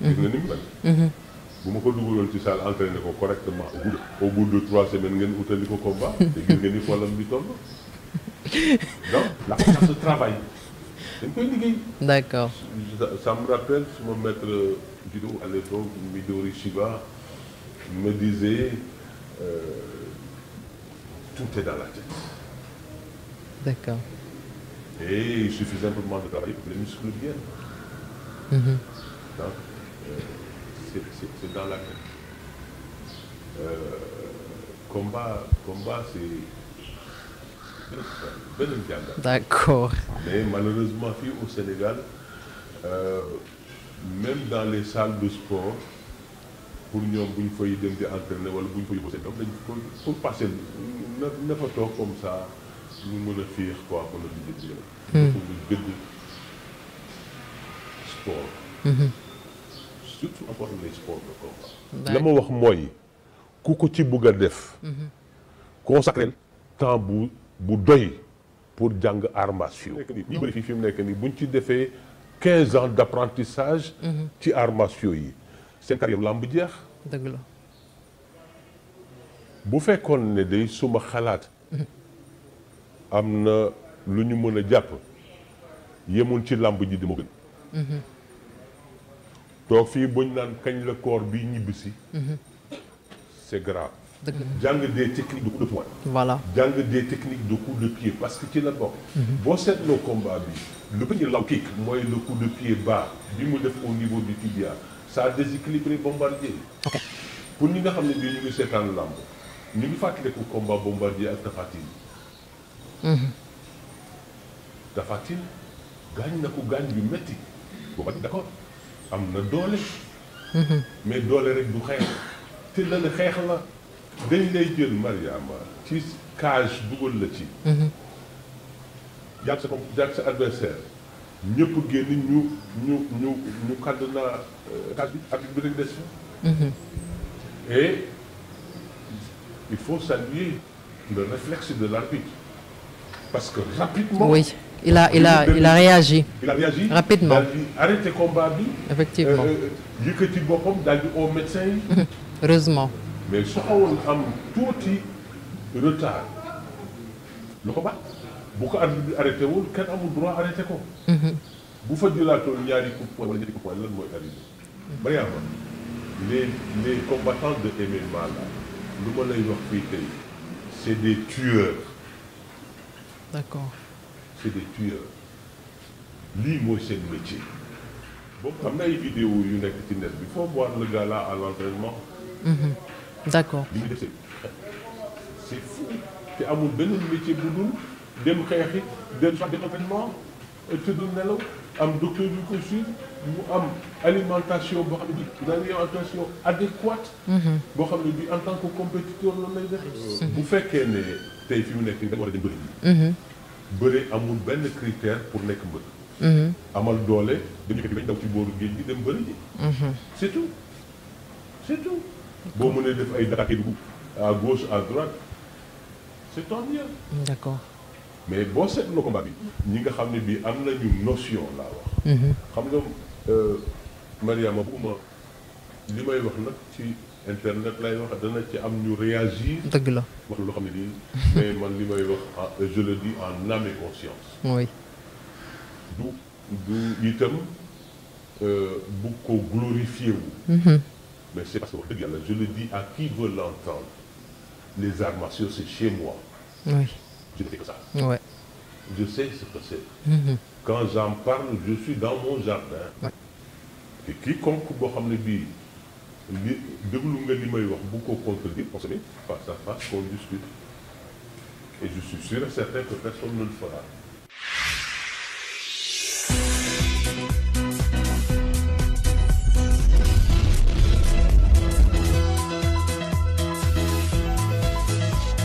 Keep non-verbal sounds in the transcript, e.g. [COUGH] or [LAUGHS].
gis nga ni mu mel. Mhm. bu ma ko dugaloon ci salle entraîné ko correctement au bout de trois semaines ngeen utali ko combat te gis nga ni xolam bi toll. donc la force de travail dañ koy liggéey. d' accord. ça me rappelle suma maître judo à l'époque Midori Shiba me disait euh, tout est dans la tête. d' accord. et il suffit simplement de travailler pour que les muscles viennent. Mm -hmm. donc. Euh, c'est dans la tête. Euh, combat combat c'est beneen jàngat. d'accord. mais malheureusement fii au Sénégal euh, dans les salles de sport pour ñoom bu ñu fay dem di entraîner wala bu ñu fay bosee dañ ko pour passer na na fa toog comme ça ñu mën a féex quoi mën a liggéey. Hmm. sport. Hmm. surtout encore la ma wax mooy ku ko ci bugg a def. Mhm. consacré temps bu bu doy pour jàng arts martiaux. ñu mu nekk nii buñ ci defee quinze ans d' apprentissage. Mhm. ci arts yi seen carrière làmb jeex. bu fekkoon ne day suma xalaat. Mhm. am na lu ñu mën a jàpp yemoon ci làmb ji di ma gën. toog fii buñ naan kañ la koor bi ñibbisi. Mhm. c'est grave. jàng des techniques de coup de poing. voilà jàng des techniques de coup de parce que ci la bokk. Mhm. boo seetloo combat bi lu ko ñu law kick mooy le coup de pied bas bi mu def au niveau du tibia ça a déséquilibré bombardier. pour ñi nga xam ne bii ñu ngi seetaan làmb ñu ngi fàttaliku combat bombardier ak Tapha Tine. Mhm. gaañ na ko gaañ bi metti booba d'accord. am na doole. mais doole rek du xeex. te la ne xeex la dañ lay jël Mariama ci cage dugal la ci. jàpp sa jàpp sa adversaire ñëpp génn ñu ñu ñu ñu kàdd naa euh, cage bi ak des fa. et il faut saluer le réflexe de l'arbitre parce que rapidement. Oui. il a il a il a réagi. il a réagi rapidement daal di arrêté combat bi. effectivement yëkkati boppam daal di au médecin yi. [LAUGHS] heureusement. mais su xawoon am tuuti retard lu ko baax bu ko arbitre bi arrêté wul kenn amul droit arrêté ko. Mhm. bu fa jëlaatoon ñaari coups wala ñetti coups lan mooy arrivé. Mariama les les combattants de MMA là lu ma lay wax fii tey c'est des tueurs. d'accord. c'est des tueurs lii mooy seen métier boobu xam na ay yu nekk ci net bi faut voir le gars là à mhm. d'accord li ñu def c'est fou te amul beneen métier bu dul dem xeexi dem fa dem entraînement nelaw am docteur yu ko suivre mu am alimentation boo xam ne bi alimentation adéquate mhm. boo xam ne bi en tant que compétiteur loolu lay def mhm. bu fekkee ne tey fi mu nekk nga war a dem bëri bëre amul benn critère pour nekk mbër. Mhm. amal doole dañu ko dañ daw ci booru géej gi dem bëri ji. Mhm. c'est tout c'est tout. boo mënee def ay dakaki dugub à gauche à droite c'est tant mieux. d'accord. mais boo seetloo combat bi ñi nga xam ne bii am nañu notion laa wax. Mhm. xam nga euh, Mariama bu li may wax nag ci internet lay wax dana ci am ñu réagir. dëgg la wax loo xam ne bi mais man li may wax ah, je le dis en âme conscience. oui. du du itam euh, bu ko glorifier mm-hmm. mais c'est parce que wax yàlla je le dis à qui veut l'entendre les arts martiaux chez moi. oui je sais ce que c'est. Mm-hmm. quand j'en parle je suis dans mon jardin. te quiconque boo xam ne bii. li déglu nga li may wax bu ko contredire parce que face à face qu'on discute et je suis sûr et certain que personne ne le fera